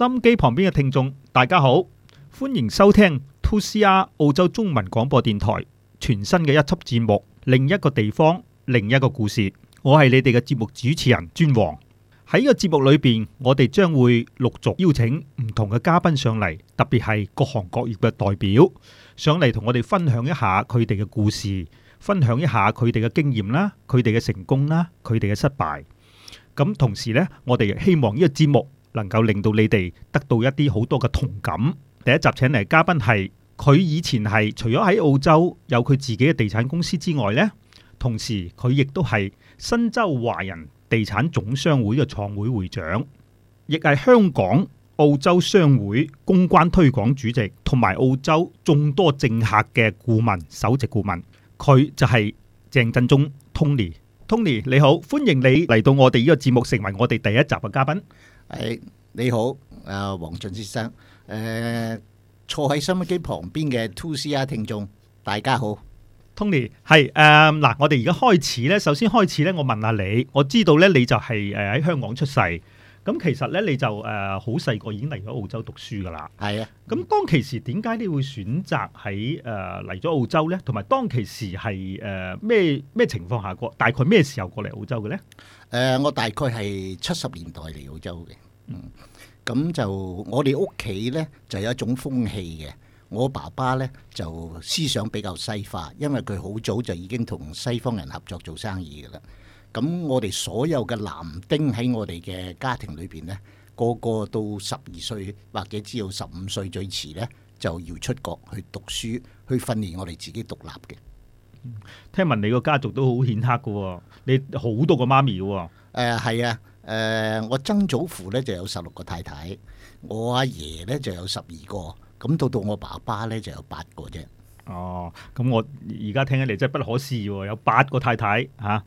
收音機旁邊嘅聽眾，大家好，歡迎收聽 2CR 澳洲中文廣播電台全新嘅一輯節目《另一個地方，另一個故事》。我係你哋嘅節目主持人尊王。喺呢個節目裏邊，我哋將會陸續邀請唔同嘅嘉賓上嚟，特別係各行各業嘅代表上嚟，同我哋分享一下佢哋嘅故事，分享一下佢哋嘅經驗啦，佢哋嘅成功啦，佢哋嘅失敗。咁同時呢，我哋希望呢個節目，能夠令到你哋得到一啲好多嘅同感。第一集請嚟嘅嘉賓係，佢以前係除咗喺澳洲有佢自己嘅地產公司之外呢，同時佢亦都係新州華人地產總商會嘅創會會長，亦係香港澳洲商會公關推廣主席，同埋澳洲眾多政客嘅顧問首席顧問。佢就係鄭振中 Tony，Tony 你好，歡迎你嚟到我哋呢個節目，成為我哋第一集嘅嘉賓。係、hey, 你好，誒，黃俊先生，誒、呃，坐喺收音機旁邊嘅 2CR 聽眾，大家好，Tony 係誒嗱，我哋而家開始咧，首先開始咧，我問下你，我知道咧，你就係誒喺香港出世。咁其實咧，你就誒好細個已經嚟咗澳洲讀書噶啦。係啊，咁當其時點解你會選擇喺誒嚟咗澳洲咧？同埋當其時係誒咩咩情況下過？大概咩時候過嚟澳洲嘅咧？誒、呃，我大概係七十年代嚟澳洲嘅。嗯，咁就我哋屋企咧就有一種風氣嘅。我爸爸咧就思想比較西化，因為佢好早就已經同西方人合作做生意嘅啦。咁我哋所有嘅男丁喺我哋嘅家庭裏邊呢，個個到十二歲或者只有十五歲最遲呢，就要出國去讀書，去訓練我哋自己獨立嘅。聽聞你個家族都好顯赫噶，你好多個媽咪嘅。誒、呃，係啊，誒、呃，我曾祖父呢就有十六個太太，我阿爺呢就有十二個，咁到到我爸爸呢就有八個啫。哦，咁我而家聽起嚟真係不可思議，有八個太太嚇。啊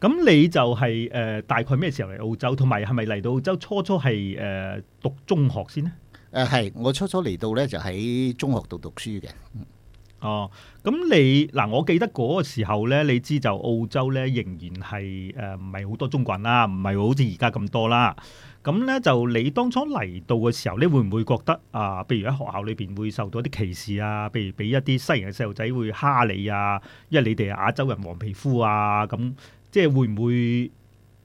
咁你就係、是、誒、呃、大概咩時候嚟澳洲？同埋係咪嚟到澳洲初初係誒、呃、讀中學先咧？誒係、呃，我初初嚟到咧就喺中學度讀書嘅。哦，咁你嗱，我記得嗰個時候咧，你知就澳洲咧仍然係誒唔係好多中國人啦，唔係好似而家咁多啦。咁咧就你當初嚟到嘅時候，你會唔會覺得啊？譬如喺學校裏邊會受到一啲歧視啊？譬如俾一啲西人嘅細路仔會蝦你啊？因為你哋係亞洲人，黃皮膚啊咁。嗯即係會唔會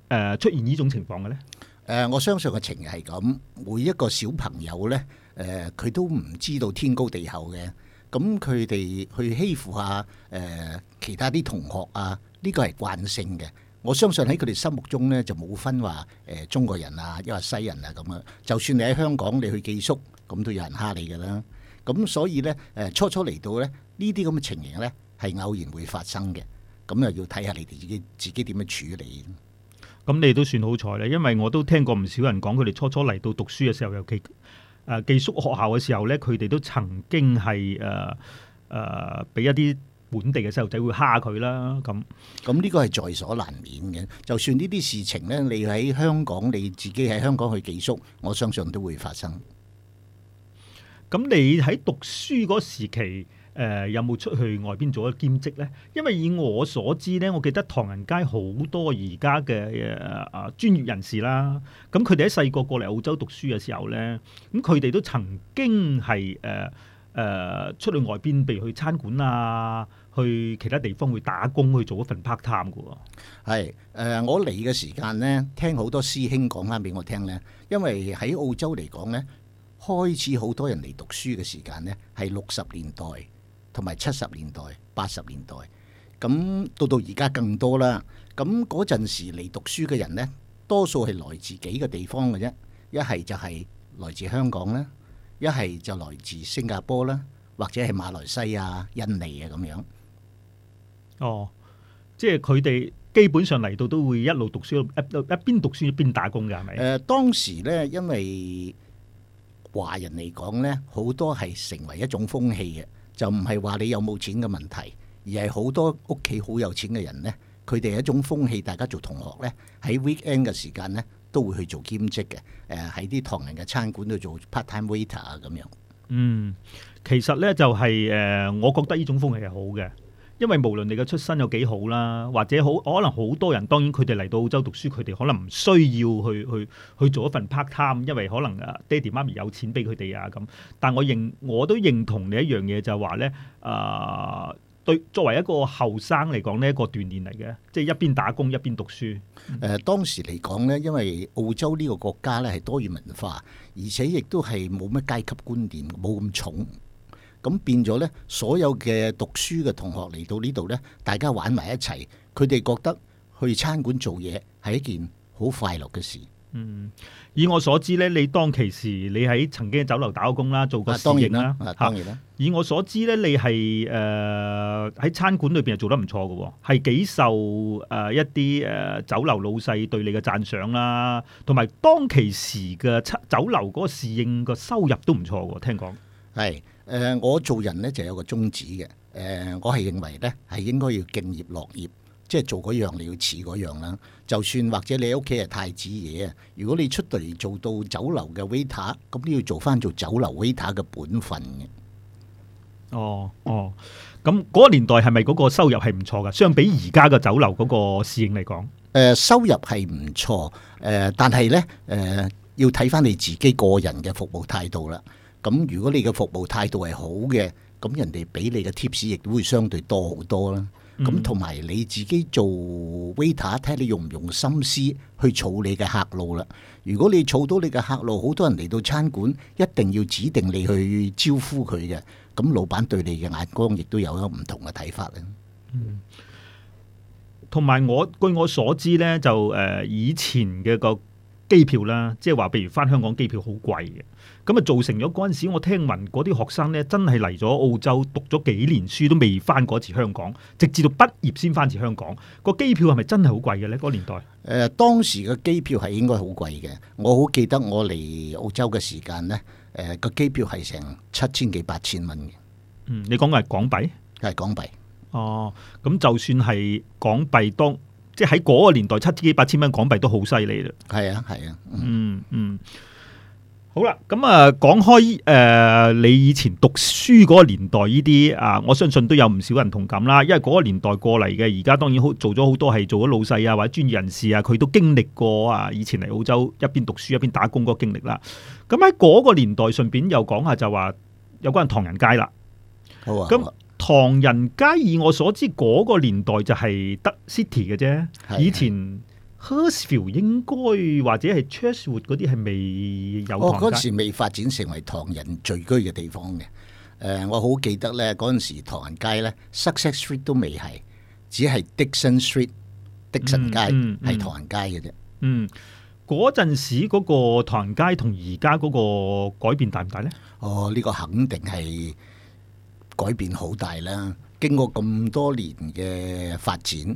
誒出現呢種情況嘅咧？誒、呃，我相信嘅情形係咁，每一個小朋友咧，誒、呃、佢都唔知道天高地厚嘅，咁佢哋去欺負下誒、呃、其他啲同學啊，呢、這個係慣性嘅。我相信喺佢哋心目中咧就冇分話誒、呃、中國人啊，一話西人啊咁樣。就算你喺香港你去寄宿，咁都有人蝦你噶啦。咁所以咧，誒、呃、初初嚟到咧呢啲咁嘅情形咧，係偶然會發生嘅。咁又要睇下你哋自己自己點樣處理。咁你都算好彩啦，因為我都聽過唔少人講，佢哋初初嚟到讀書嘅時候，尤其誒、呃、寄宿學校嘅時候呢，佢哋都曾經係誒誒俾一啲本地嘅細路仔會蝦佢啦。咁咁呢個係在所難免嘅。就算呢啲事情呢，你喺香港，你自己喺香港去寄宿，我相信都會發生。咁你喺讀書嗰時期。誒、呃、有冇出去外邊做一兼職咧？因為以我所知咧，我記得唐人街好多而家嘅誒專業人士啦，咁佢哋喺細個過嚟澳洲讀書嘅時候咧，咁佢哋都曾經係誒誒出去外邊，譬如去餐館啊，去其他地方去打工去做一份 part time 嘅喎。係、呃、我嚟嘅時間咧，聽好多師兄講翻俾我聽咧，因為喺澳洲嚟講咧，開始好多人嚟讀書嘅時間咧係六十年代。同埋七十年代、八十年代，咁到到而家更多啦。咁嗰陣時嚟讀書嘅人呢，多數係來自幾個地方嘅啫。一係就係來自香港啦，一係就來自新加坡啦，或者係馬來西亞、印尼啊咁樣。哦，即係佢哋基本上嚟到都會一路讀書，一一邊讀書一邊打工㗎，係咪？誒、呃，當時呢，因為華人嚟講呢，好多係成為一種風氣嘅。就唔係話你有冇錢嘅問題，而係好多屋企好有錢嘅人呢，佢哋一種風氣，大家做同學呢，喺 weekend 嘅時間呢，都會去做兼職嘅，誒喺啲唐人嘅餐館度做 part time waiter 啊咁樣。嗯，其實呢就係誒，我覺得呢種風氣係好嘅。因為無論你嘅出身有幾好啦，或者好，可能好多人，當然佢哋嚟到澳洲讀書，佢哋可能唔需要去去去做一份 part time，因為可能啊爹哋媽咪有錢俾佢哋啊咁。但我認我都認同你一樣嘢，就係話呢，啊對，作為一個後生嚟講，呢一個鍛鍊嚟嘅，即係一邊打工一邊讀書。誒當時嚟講呢，因為澳洲呢個國家呢係多元文化，而且亦都係冇乜階級觀念，冇咁重。咁變咗呢，所有嘅讀書嘅同學嚟到呢度呢，大家玩埋一齊，佢哋覺得去餐館做嘢係一件好快樂嘅事。嗯，以我所知呢，你當其時你喺曾經喺酒樓打過工啦，做過侍應啦，啊，當然啦，啊，當然啦，以我所知呢，你係誒喺餐館裏邊又做得唔錯嘅喎，係幾受誒一啲誒酒樓老細對你嘅讚賞啦，同埋當其時嘅酒樓嗰個侍應個收入都唔錯嘅喎，聽講誒、呃、我做人呢就有個宗旨嘅，誒、呃、我係認為呢係應該要敬業樂業，即係做嗰樣你要似嗰樣啦。就算或者你屋企係太子爺啊，如果你出到嚟做到酒樓嘅 waiter，咁都要做翻做酒樓 waiter 嘅本分嘅。哦，哦，咁嗰個年代係咪嗰個收入係唔錯㗎？相比而家嘅酒樓嗰個侍應嚟講，誒、呃、收入係唔錯，誒、呃、但係呢，誒、呃、要睇翻你自己個人嘅服務態度啦。咁如果你嘅服務態度係好嘅，咁人哋俾你嘅 tips 亦都會相對多好多啦。咁同埋你自己做 waiter，睇下你用唔用心思去儲你嘅客路啦。如果你儲到你嘅客路，好多人嚟到餐館，一定要指定你去招呼佢嘅。咁老闆對你嘅眼光亦都有咗唔同嘅睇法咧。同埋、嗯、我據我所知呢，就誒、呃、以前嘅個機票啦，即係話，譬如返香港機票好貴嘅。咁啊，就造成咗嗰陣時，我聽聞嗰啲學生咧，真係嚟咗澳洲讀咗幾年書都未翻過次香港，直至到畢業先翻次香港。個機票係咪真係好貴嘅呢？嗰年代？誒、呃，當時嘅機票係應該好貴嘅。我好記得我嚟澳洲嘅時間呢，誒、呃，個機票係成七千幾八千蚊嘅。嗯，你講嘅係港幣？係港幣。哦，咁就算係港幣，當即係喺嗰個年代七千幾八千蚊港幣都好犀利啦。係啊，係啊。嗯嗯。嗯。好啦，咁啊，講開誒，你以前讀書嗰個年代呢啲啊，我相信都有唔少人同感啦。因為嗰個年代過嚟嘅，而家當然好做咗好多係做咗老細啊或者專業人士啊，佢都經歷過啊以前嚟澳洲一邊讀書一邊打工嗰個經歷啦。咁喺嗰個年代順便又講下就話有關唐人街啦，啊。好啊，咁唐人街以我所知嗰，嗰個年代就係得 City 嘅啫，以前。Hersfield 應該或者係 c h e s h i o e 嗰啲係未有唐人嗰、哦、時未發展成為唐人聚居嘅地方嘅。誒、呃，我好記得咧，嗰陣時唐人街咧，Success Street 都未係，只係 d i x o n Street d i x o n 街係、嗯嗯嗯、唐人街嘅啫。嗯，嗰陣時嗰個唐人街同而家嗰個改變大唔大咧？哦，呢、這個肯定係改變好大啦！經過咁多年嘅發展。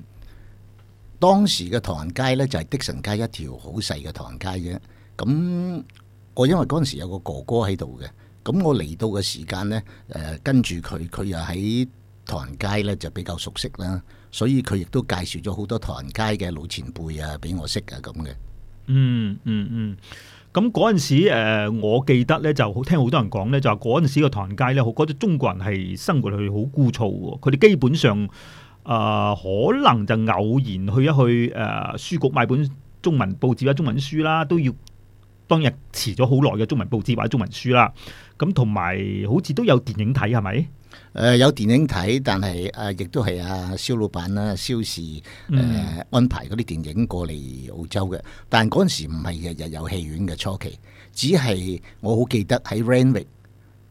當時嘅唐人街呢，就係德信街一條好細嘅唐人街啫。咁我因為嗰陣時有個哥哥喺度嘅，咁我嚟到嘅時間呢，誒、呃、跟住佢，佢又喺唐人街呢，就比較熟悉啦，所以佢亦都介紹咗好多唐人街嘅老前輩啊俾我識嘅咁嘅。嗯嗯嗯，咁嗰陣時誒，我記得呢，就好聽好多人講呢，就話嗰陣時個唐人街呢，好覺得中國人係生活去好枯燥，佢哋基本上。誒、呃、可能就偶然去一去誒、呃、書局買本中文報紙或者中文書啦，都要當日遲咗好耐嘅中文報紙或者中文書啦。咁同埋好似都有電影睇係咪？誒、呃、有電影睇，但係誒、呃、亦都係阿蕭老闆啦、啊、蕭氏誒、呃嗯、安排嗰啲電影過嚟澳洲嘅。但嗰陣時唔係日日有戲院嘅初期，只係我好記得喺 Rainway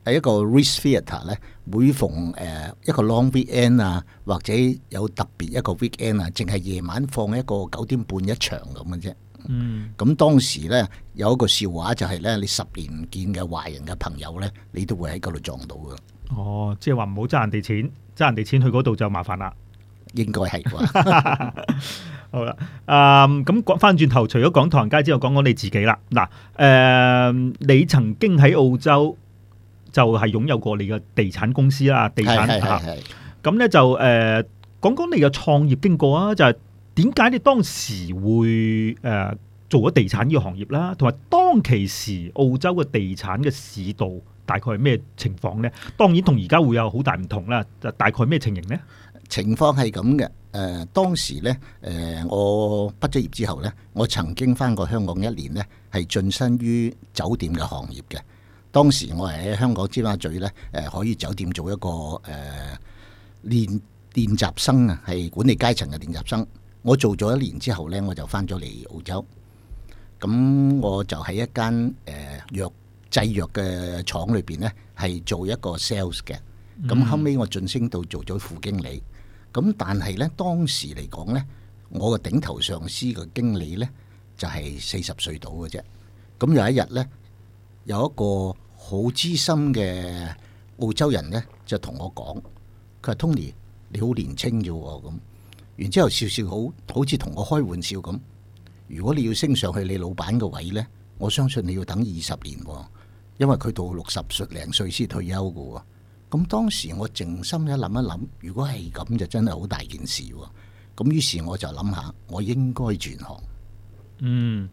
喺一個 race theatre 咧，每逢誒一個 long weekend 啊，或者有特別一個 weekend 啊，淨係夜晚放一個九點半一場咁嘅啫。嗯，咁當時咧有一個笑話、就是，就係咧你十年唔見嘅壞人嘅朋友咧，你都會喺嗰度撞到嘅。哦，即係話唔好爭人哋錢，爭人哋錢去嗰度就麻煩啦。應該係啩。 好啦，咁講翻轉頭，除咗講唐人街之外，講講你自己啦。嗱，誒，你曾經喺澳洲。就係擁有過你嘅地產公司啦，地產係係係係啊，咁咧就誒講講你嘅創業經過啊，就係點解你當時會誒、呃、做咗地產呢個行業啦，同埋當其時澳洲嘅地產嘅市道大概係咩情況呢？當然同而家會有好大唔同啦，就大概咩情形呢？情況係咁嘅，誒、呃、當時呢，誒、呃、我畢咗業之後呢，我曾經返過香港一年呢，係晉身於酒店嘅行業嘅。當時我係喺香港尖沙咀咧，誒凱悅酒店做一個誒練練習生啊，係管理階層嘅練習生。我做咗一年之後咧，我就翻咗嚟澳洲。咁我就喺一間誒藥製藥嘅廠裏邊咧，係做一個 sales 嘅。咁後尾我晉升到做咗副經理。咁但係咧，當時嚟講咧，我嘅頂頭上司個經理咧，就係四十歲到嘅啫。咁有一日咧，有一個。好資深嘅澳洲人呢，就同我講：佢話 Tony，你好年輕啫喎咁。然之後，笑笑好好似同我開玩笑咁。如果你要升上去你老闆嘅位呢，我相信你要等二十年，因為佢到六十歲零歲先退休嘅喎。咁當時我靜心一諗一諗，如果係咁，就真係好大件事喎。咁於是我就諗下，我應該轉行。嗯，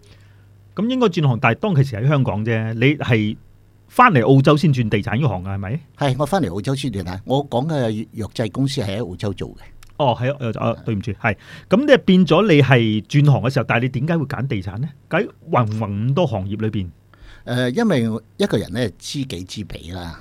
咁應該轉行，但係當其時喺香港啫，你係。翻嚟澳洲先轉地產呢行嘅係咪？係我翻嚟澳洲先轉啊！我講嘅藥劑公司係喺澳洲做嘅。哦。哦，係哦，對唔住，係咁你係變咗你係轉行嘅時候，但係你點解會揀地產咧？喺芸芸咁多行業裏邊，誒、呃，因為一個人咧知己知彼啦。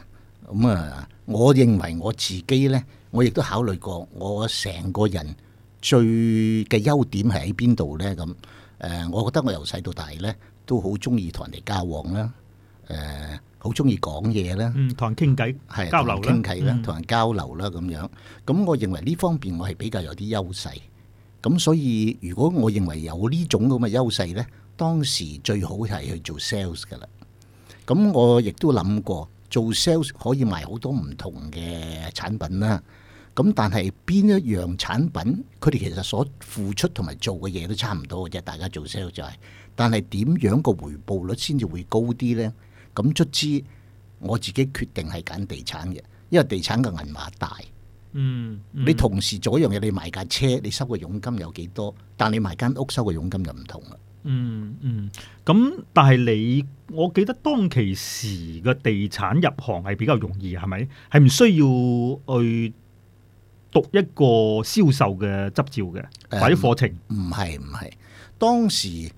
咁、嗯、啊、呃，我認為我自己咧，我亦都考慮過，我成個人最嘅優點係喺邊度咧？咁、呃、誒，我覺得我由細到大咧都好中意同人哋交往啦。誒好中意講嘢啦，同、呃嗯、人傾偈，係同人傾偈咧，同人交流啦咁樣。咁我認為呢方面我係比較有啲優勢。咁所以如果我認為有呢種咁嘅優勢呢，當時最好係去做 sales 㗎啦。咁我亦都諗過做 sales 可以賣好多唔同嘅產品啦。咁但係邊一樣產品佢哋其實所付出同埋做嘅嘢都差唔多嘅啫。大家做 sales 就係、是，但係點樣個回報率先至會高啲呢？咁卒之，我自己決定係揀地產嘅，因為地產嘅銀碼大。嗯，嗯你同時做一樣嘢，你賣架車，你收嘅佣金有幾多？但你賣間屋收嘅佣金就唔同啦、嗯。嗯嗯，咁但係你，我記得當其時嘅地產入行係比較容易，係咪？係唔需要去讀一個銷售嘅執照嘅，嗯、或者課程？唔係唔係，當時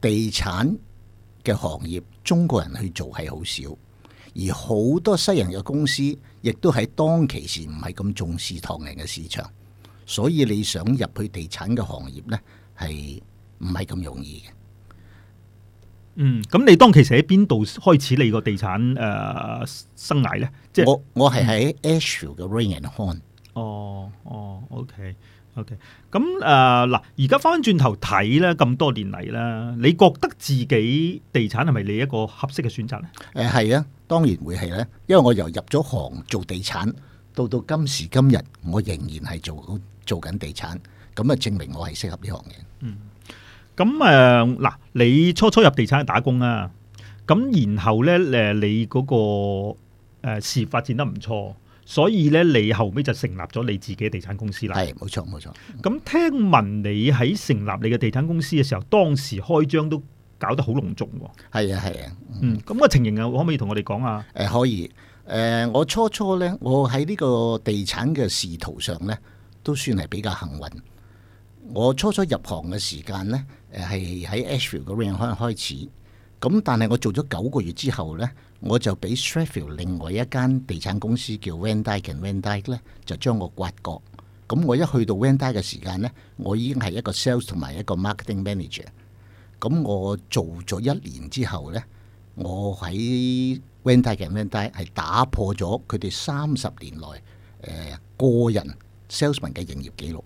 地產嘅行業中國人去做係好少，而好多西人嘅公司亦都喺當其時唔係咁重視唐人嘅市場，所以你想入去地產嘅行業呢，係唔係咁容易嘅？嗯，咁你當其時喺邊度開始你個地產誒、呃、生涯呢？即係，我我係喺 Ashfield 嘅 Raine & Horne、嗯。哦，哦，OK。O.K. 咁誒嗱，而家翻翻轉頭睇咧，咁多年嚟啦，你覺得自己地產係咪你一個合適嘅選擇咧？誒係啊，當然會係咧，因為我由入咗行做地產，到到今時今日，我仍然係做做緊地產，咁啊證明我係適合呢行嘅。嗯。咁誒嗱，你初初入地產打工啊，咁然後咧誒，你嗰、嗰個誒、呃、事發展得唔錯。所以咧，你後尾就成立咗你自己嘅地產公司啦。係，冇錯冇錯。咁聽聞你喺成立你嘅地產公司嘅時候，當時開張都搞得好隆重喎。係啊係啊。嗯，咁個情形啊，可唔可以同我哋講啊？誒、呃，可以。誒、呃，我初初咧，我喺呢個地產嘅仕途上咧，都算係比較幸運。我初初入行嘅時間咧，誒係喺 Ashfield 嘅 Raine 開始。咁但係我做咗九個月之後咧。我就俾 Shreveill 另外一間地產公司叫 Van Dyke and Van Dyke 咧，就將我挖角。咁我一去到 Van Dyke 嘅時間咧，我已經係一個 sales 同埋一個 marketing manager。咁我做咗一年之後咧，我喺 Van Dyke and Van Dyke 係打破咗佢哋三十年來誒個人 salesman 嘅營業記錄。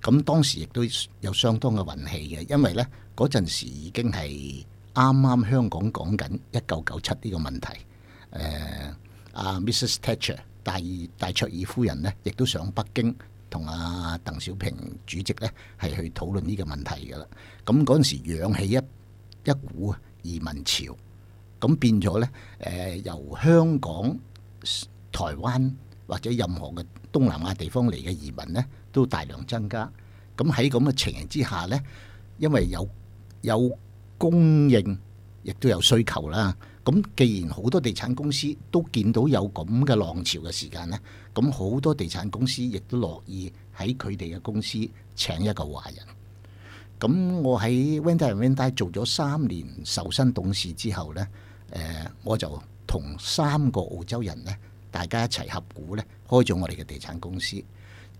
咁當時亦都有相當嘅運氣嘅，因為咧嗰陣時已經係。啱啱香港講緊一九九七呢個問題，誒阿 Mrs Thatcher 大爾戴卓爾夫人咧，亦都上北京同阿鄧小平主席咧係去討論呢個問題噶啦。咁嗰陣時揚起一一股移民潮，咁變咗咧誒由香港、台灣或者任何嘅東南亞地方嚟嘅移民咧，都大量增加。咁喺咁嘅情形之下咧，因為有有。供應亦都有需求啦。咁既然好多地產公司都見到有咁嘅浪潮嘅時間呢，咁好多地產公司亦都樂意喺佢哋嘅公司請一個華人。咁我喺 Wendy Wendy 做咗三年受薪董事之後呢，誒、呃、我就同三個澳洲人呢，大家一齊合股呢，開咗我哋嘅地產公司。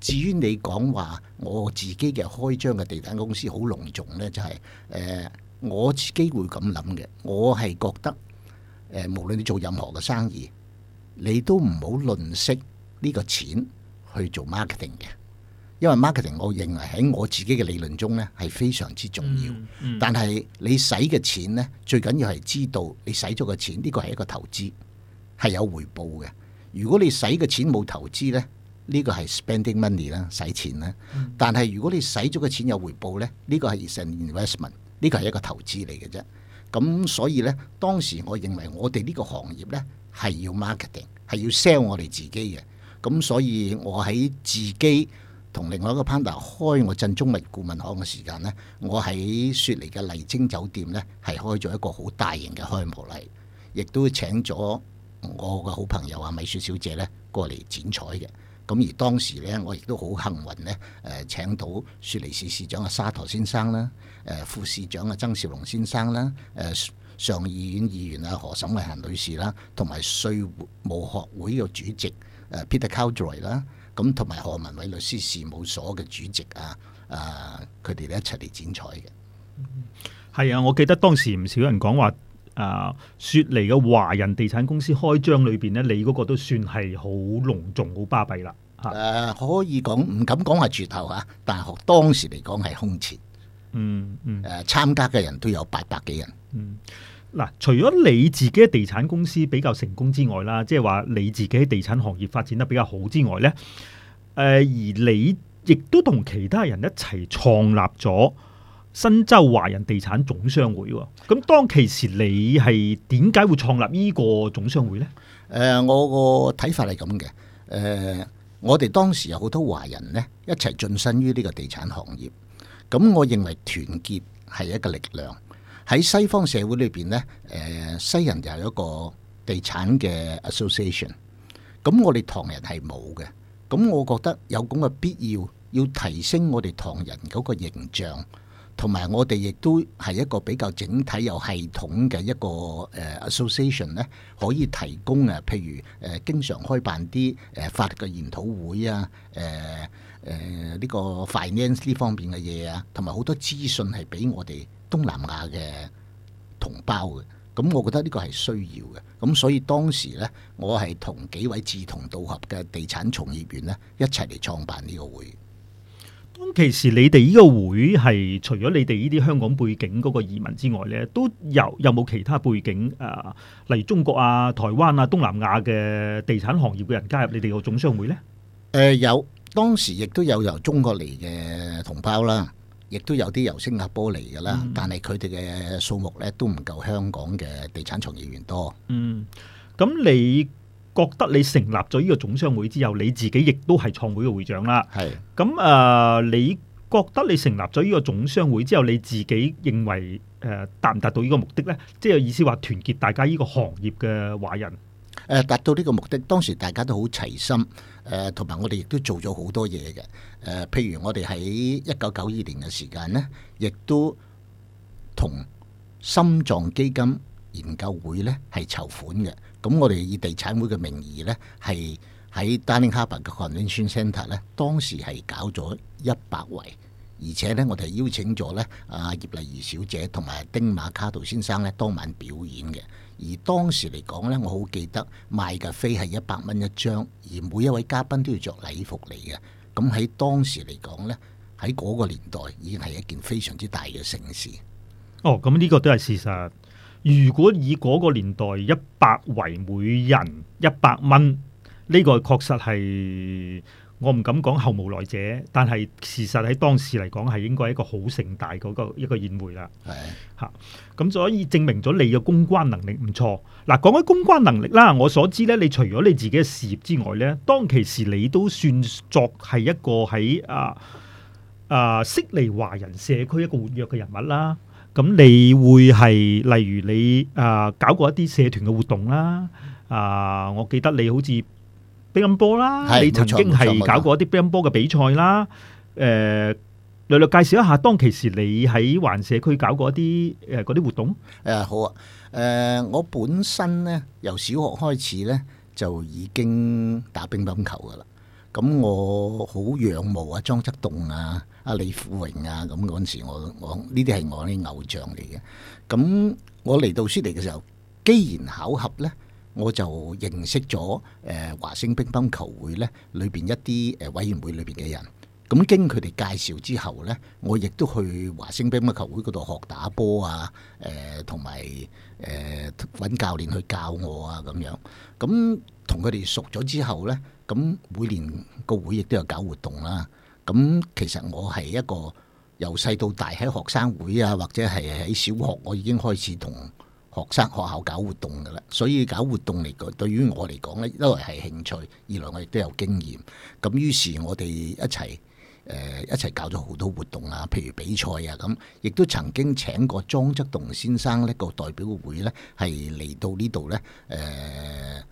至於你講話我自己嘅開張嘅地產公司好隆重呢，就係、是、誒。呃我自己會咁諗嘅，我係覺得誒、呃，無論你做任何嘅生意，你都唔好吝惜呢個錢去做 marketing 嘅，因為 marketing 我認為喺我自己嘅理論中咧係非常之重要。嗯嗯、但係你使嘅錢咧，最緊要係知道你使咗嘅錢，呢個係一個投資，係有回報嘅。如果你使嘅錢冇投資咧，呢、呢個係 spending money 啦，使錢啦。但係如果你使咗嘅錢有回報咧，呢、呢個係成 investment。呢個係一個投資嚟嘅啫，咁所以呢，當時我認為我哋呢個行業呢，係要 marketing，係要 sell 我哋自己嘅。咁所以，我喺自己同另外一個 partner 開我振中物顧問行嘅時間呢，我喺雪梨嘅麗晶酒店呢，係開咗一個好大型嘅開幕禮，亦都請咗我嘅好朋友啊米雪小姐呢過嚟剪彩嘅。咁而當時呢，我亦都好幸運呢，誒、呃、請到雪梨市市長阿沙陀先生啦。誒，副市長啊，曾兆龍先生啦，誒，上議院議員啊，何沈慧恒女士啦，同埋稅務學會嘅主席誒 Peter Cowdry 啦，咁同埋何文偉律師事務所嘅主席啊，啊佢哋一齊嚟剪彩嘅。嗯，係啊，我記得當時唔少人講話啊，雪梨嘅華人地產公司開張裏邊呢，你嗰個都算係好隆重、好巴閉啦。誒、啊啊，可以講唔敢講係絕頭啊，但係當時嚟講係空前。嗯嗯，誒，參加嘅人都有八百幾人。嗯，嗱，除咗你自己嘅地產公司比較成功之外啦，即係話你自己嘅地產行業發展得比較好之外呢，誒，而你亦都同其他人一齊創立咗新州華人地產總商會。咁當其時，你係點解會創立呢個總商會呢？誒、呃，我個睇法係咁嘅。誒、呃，我哋當時有好多華人呢，一齊晉身於呢個地產行業。咁我認為團結係一個力量。喺西方社會裏邊呢，誒西人就係一個地產嘅 association。咁我哋唐人係冇嘅。咁我覺得有咁嘅必要，要提升我哋唐人嗰個形象。同埋我哋亦都係一個比較整體有系統嘅一個誒 association 咧，可以提供啊，譬如誒、呃、經常開辦啲誒、呃、法律嘅研討會啊，誒、呃。誒，呢個 finance 呢方面嘅嘢啊，同埋好多資訊係俾我哋東南亞嘅同胞嘅，咁我覺得呢個係需要嘅，咁所以當時呢，我係同幾位志同道合嘅地產從業員呢一齊嚟創辦呢個會。咁其實你哋呢個會係除咗你哋呢啲香港背景嗰個移民之外呢，都有有冇其他背景啊，例如中國啊、台灣啊、東南亞嘅地產行業嘅人加入你哋個總商會呢？誒、呃，有。當時亦都有由中國嚟嘅同胞啦，亦都有啲由新加坡嚟嘅啦，嗯、但係佢哋嘅數目咧都唔夠香港嘅地產從業員多。嗯，咁你覺得你成立咗呢個總商會之後，你自己亦都係創會嘅會長啦。係。咁啊、呃，你覺得你成立咗呢個總商會之後，你自己認為誒達唔達到呢個目的呢？即係意思話團結大家呢個行業嘅華人。誒達到呢個目的，當時大家都好齊心，誒同埋我哋亦都做咗好多嘢嘅，誒、呃、譬如我哋喺一九九二年嘅時間呢，亦都同心臟基金研究會呢係籌款嘅，咁我哋以地產會嘅名義呢，係喺 Darling Harbour 嘅 Convention Centre 咧，當時係搞咗一百位。而且呢，我哋邀請咗呢阿、啊、葉麗儀小姐同埋丁馬卡道先生呢，當晚表演嘅。而當時嚟講呢，我好記得賣嘅飛係一百蚊一張，而每一位嘉賓都要着禮服嚟嘅。咁喺當時嚟講呢，喺嗰個年代已經係一件非常之大嘅盛事。哦，咁、嗯、呢個都係事實。如果以嗰個年代一百為每人一百蚊，呢個確實係。我唔敢講後無來者，但係事實喺當時嚟講係應該係一個好盛大嗰個一個宴會啦。係吓，咁所以證明咗你嘅公關能力唔錯。嗱，講起公關能力啦，我所知呢，你除咗你自己嘅事業之外呢，當其時你都算作係一個喺啊啊悉尼華人社區一個活躍嘅人物啦。咁你會係例如你啊搞過一啲社團嘅活動啦。啊，我記得你好似。乒乓波啦，是你曾經係搞過一啲乒乓波嘅比賽啦。誒錯，略略、呃、介紹一下，當其時你喺環社區搞過一啲誒啲活動。誒、呃，好啊。誒、呃，我本身咧由小學開始咧就已經打乒乓球噶啦。咁我好仰慕啊，莊則棟啊，阿、啊、李富榮啊，咁嗰陣時我我呢啲係我啲偶像嚟嘅。咁我嚟到雪尼嘅時候，既然巧合咧。我就認識咗誒、呃、華星乒乓球會咧裏邊一啲誒委員會裏邊嘅人，咁經佢哋介紹之後咧，我亦都去華星乒乓球會嗰度學打波啊，誒同埋誒搵教練去教我啊咁樣。咁同佢哋熟咗之後咧，咁每年個會亦都有搞活動啦。咁其實我係一個由細到大喺學生會啊，或者係喺小學，我已經開始同。學生學校搞活動嘅啦，所以搞活動嚟講，對於我嚟講呢，一來係興趣，二來我亦都有經驗。咁於是，我哋一齊誒、呃、一齊搞咗好多活動啊，譬如比賽啊咁，亦都曾經請過莊則棟先生呢個代表會呢，係嚟到裡呢度呢，誒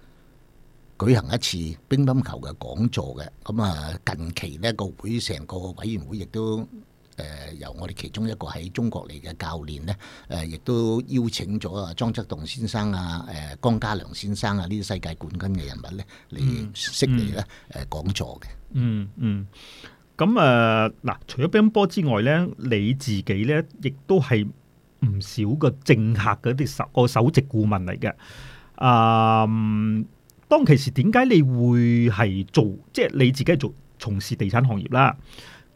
舉行一次乒乓球嘅講座嘅。咁啊，近期呢那個會成個委員會亦都。誒、呃、由我哋其中一個喺中國嚟嘅教練呢，誒、呃、亦都邀請咗啊莊則棟先生啊、誒、呃、江嘉良先生啊呢啲世界冠軍嘅人物咧，嚟識嚟咧誒講座嘅，嗯。嗯嗯，咁誒嗱，除咗乒乓波之外咧，你自己咧亦都係唔少個政客嗰啲十個首席顧問嚟嘅。嗯、呃，當其時點解你會係做？即、就、係、是、你自己做從事地產行業啦。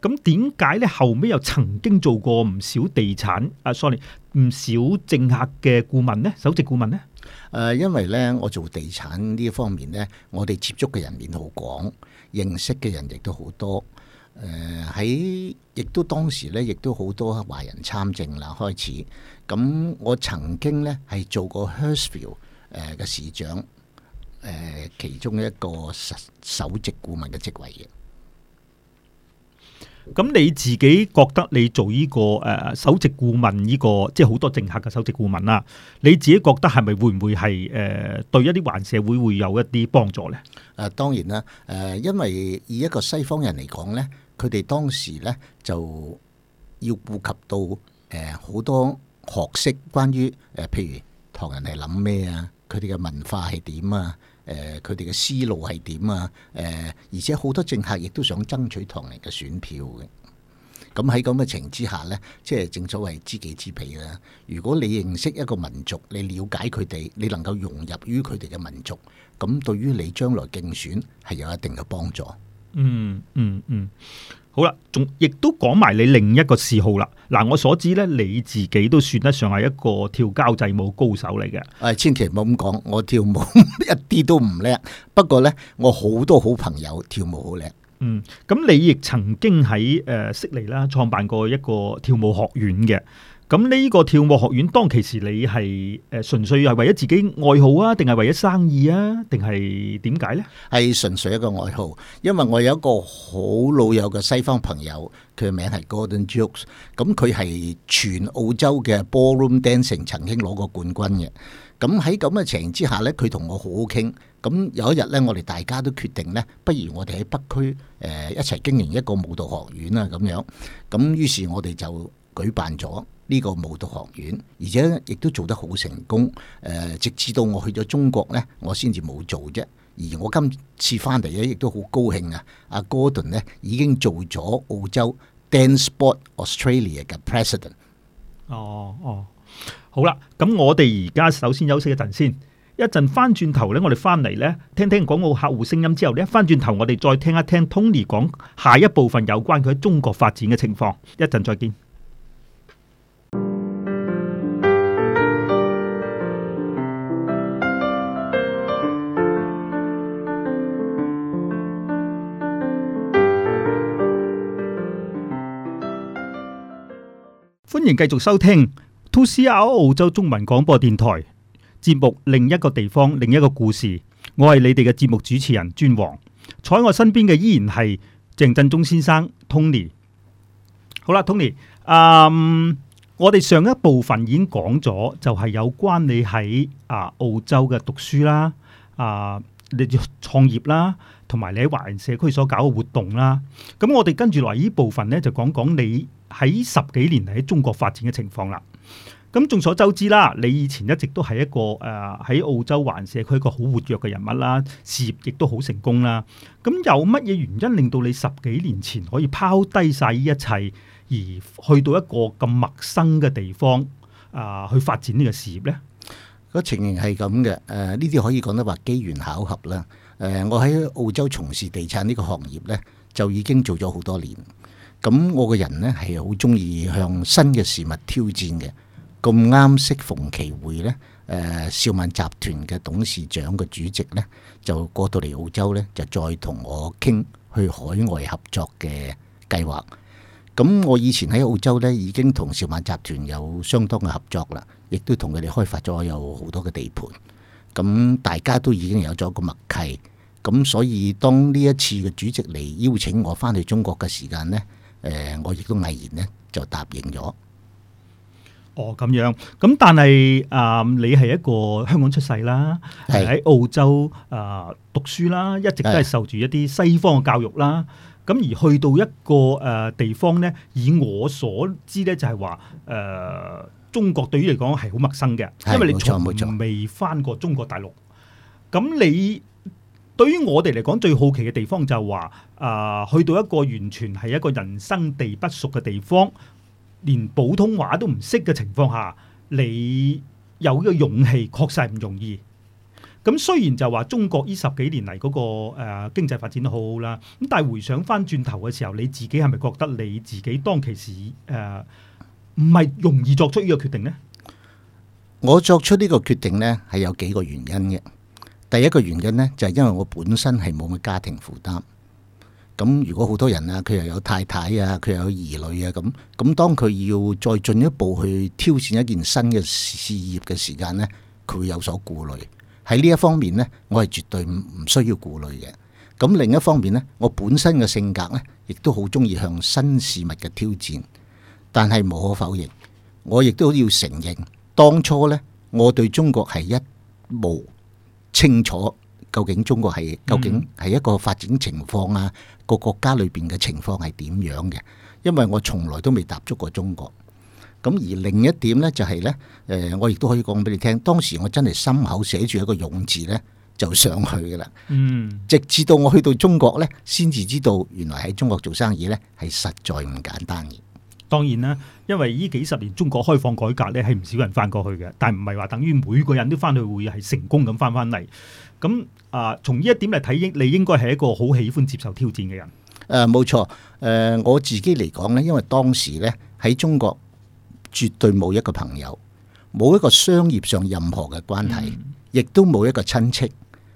咁點解咧？後尾又曾經做過唔少地產啊、uh，sorry，唔少政客嘅顧問呢，首席顧問呢？誒、呃，因為咧，我做地產呢一方面咧，我哋接觸嘅人面好廣，認識嘅人亦都好多。誒喺亦都當時咧，亦都好多華人參政啦，開始。咁我曾經咧係做過 Hurstville 嘅市長，誒、呃、其中一個首席顧問嘅職位嘅。咁你自己覺得你做呢個誒首席顧問呢個，即係好多政客嘅首席顧問啦。你自己覺得係咪會唔會係誒對一啲環社會會有一啲幫助咧？誒當然啦，誒因為以一個西方人嚟講咧，佢哋當時咧就要顧及到誒好多學識關於誒，譬如唐人係諗咩啊？佢哋嘅文化係點啊。誒，佢哋嘅思路係點啊？誒、呃，而且好多政客亦都想爭取唐人嘅選票嘅。咁喺咁嘅情形之下呢，即係正所謂知己知彼啦。如果你認識一個民族，你了解佢哋，你能夠融入於佢哋嘅民族，咁對於你將來競選係有一定嘅幫助。嗯嗯嗯，好啦，仲亦都講埋你另一個嗜好啦。嗱，我所知咧，你自己都算得上係一個跳交際舞高手嚟嘅。誒，千祈唔好咁講，我跳舞一啲都唔叻，不過呢，我好多好朋友跳舞好叻。嗯，咁你亦曾經喺誒悉尼啦，創辦過一個跳舞學院嘅。咁呢個跳舞學院當其時，你係誒純粹係為咗自己愛好啊，定係為咗生意啊，定係點解呢？係純粹一個愛好，因為我有一個好老友嘅西方朋友，佢嘅名係 Gordon Jukes，咁佢係全澳洲嘅 ballroom dancing 曾經攞過冠軍嘅。咁喺咁嘅情形之下呢，佢同我好好傾。咁有一日呢，我哋大家都決定呢，不如我哋喺北區誒、呃、一齊經營一個舞蹈學院啊，咁樣。咁於是我哋就舉辦咗。呢個舞蹈學院，而且亦都做得好成功。誒、呃，直至到我去咗中國呢，我先至冇做啫。而我今次翻嚟咧，亦都好高興啊！阿 Gordon 呢已經做咗澳洲 Dance Sport Australia 嘅 President。哦哦，好啦，咁我哋而家首先休息一陣先，一陣翻轉頭呢，我哋翻嚟呢，聽聽港澳客戶聲音之後呢，翻轉頭我哋再聽一聽 Tony 講下一部分有關佢喺中國發展嘅情況。一陣再見。歡迎繼續收聽 2CR 澳洲中文廣播電台節目《另一個地方，另一個故事》。我係你哋嘅節目主持人尊王，坐喺我身邊嘅依然係鄭振中先生 Tony。好啦，Tony，嗯，我哋上一部分已經講咗，就係有關你喺啊澳洲嘅讀書啦，啊，你創業啦，同埋你喺華人社區所搞嘅活動啦。咁我哋跟住來呢部分呢，就講講你。喺十幾年嚟喺中國發展嘅情況啦，咁眾所周知啦。你以前一直都係一個誒喺、呃、澳洲環社區一個好活躍嘅人物啦，事業亦都好成功啦。咁有乜嘢原因令到你十幾年前可以拋低晒呢一切，而去到一個咁陌生嘅地方啊、呃、去發展呢個事業呢？個情形係咁嘅，誒呢啲可以講得話機緣巧合啦。誒、呃，我喺澳洲從事地產呢個行業呢，就已經做咗好多年。咁我個人呢係好中意向新嘅事物挑戰嘅，咁啱適逢其會呢，誒邵萬集團嘅董事長嘅主席呢，就過到嚟澳洲呢，就再同我傾去海外合作嘅計劃。咁我以前喺澳洲呢，已經同邵萬集團有相當嘅合作啦，亦都同佢哋開發咗有好多嘅地盤。咁大家都已經有咗個默契，咁所以當呢一次嘅主席嚟邀請我翻去中國嘅時間呢。誒、呃，我亦都毅然呢就答應咗。哦，咁樣，咁但係誒、呃，你係一個香港出世啦，喺是澳洲啊、呃、讀書啦，一直都係受住一啲西方嘅教育啦。咁是而去到一個誒、呃、地方呢，以我所知呢，就係話誒中國對於嚟講係好陌生嘅，是因為你從未返過中國大陸。咁你？對於我哋嚟講，最好奇嘅地方就係話，誒、呃，去到一個完全係一個人生地不熟嘅地方，連普通話都唔識嘅情況下，你有呢個勇氣，確實係唔容易。咁雖然就話中國呢十幾年嚟嗰、那個誒、呃、經濟發展都好好啦，咁但係回想翻轉頭嘅時候，你自己係咪覺得你自己當其時誒唔係容易作出呢個決定呢？我作出呢個決定呢，係有幾個原因嘅。第一個原因咧，就係因為我本身係冇乜家庭負擔。咁如果好多人啊，佢又有太太啊，佢又有兒女啊，咁咁當佢要再進一步去挑戰一件新嘅事業嘅時間咧，佢會有所顧慮。喺呢一方面咧，我係絕對唔唔需要顧慮嘅。咁另一方面咧，我本身嘅性格咧，亦都好中意向新事物嘅挑戰。但係無可否認，我亦都要承認當初咧，我對中國係一無。清楚究竟中國係究竟係一個發展情況啊、嗯、個國家裏邊嘅情況係點樣嘅？因為我從來都未踏足過中國。咁而另一點呢，就係、誒、呢，我亦都可以講俾你聽，當時我真係心口寫住一個勇字呢，就上去噶啦。嗯，直至到我去到中國呢，先至知道原來喺中國做生意呢，係實在唔簡單的。嘅。當然啦，因為呢幾十年中國開放改革咧，係唔少人翻過去嘅，但係唔係話等於每個人都翻去會係成功咁翻翻嚟。咁啊，從、呃、呢一點嚟睇，應你應該係一個好喜歡接受挑戰嘅人。誒、呃，冇錯。誒、呃，我自己嚟講咧，因為當時咧喺中國絕對冇一個朋友，冇一個商業上任何嘅關係，亦、嗯、都冇一個親戚。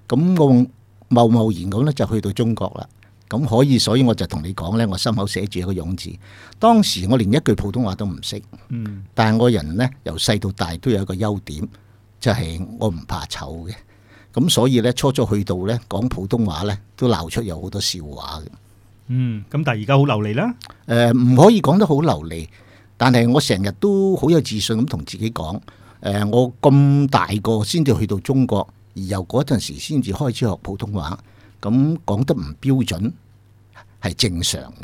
咁我冒冒然咁咧就去到中國啦。咁可以，所以我就同你講咧，我心口寫住一個勇字。當時我連一句普通話都唔識，嗯，但係我人咧由細到大都有一個優點，就係我唔怕醜嘅。咁所以咧，初初去到咧講普通話咧，都鬧出有好多笑話嘅。嗯，咁但係而家好流利啦。誒，唔可以講得好流利，但係我成日都好有自信咁同自己講，誒，我咁大個先至去到中國，而由嗰陣時先至開始學普通話。咁講得唔標準係正常嘅，誒、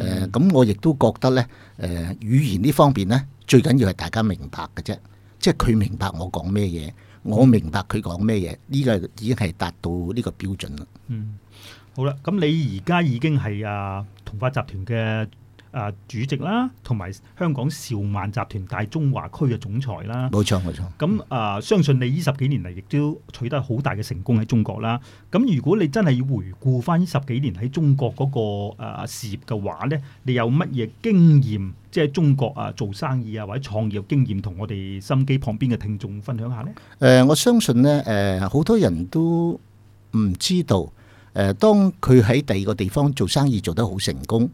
呃、咁、嗯嗯、我亦都覺得咧，誒、呃、語言呢方面咧最緊要係大家明白嘅啫，即係佢明白我講咩嘢，我明白佢講咩嘢，呢個、嗯、已經係達到呢個標準啦。嗯，好啦，咁你而家已經係啊同法集團嘅。啊！主席啦，同埋香港兆萬集團大中華區嘅總裁啦，冇錯冇錯。咁啊，相信你呢十幾年嚟亦都取得好大嘅成功喺中國啦。咁如果你真係要回顧翻呢十幾年喺中國嗰個誒事業嘅話呢，你有乜嘢經驗？即係中國啊，做生意啊或者創業嘅經驗，同我哋心機旁邊嘅聽眾分享下呢？誒，我相信呢，誒，好多人都唔知道，誒，當佢喺第二個地方做生意做得好成功。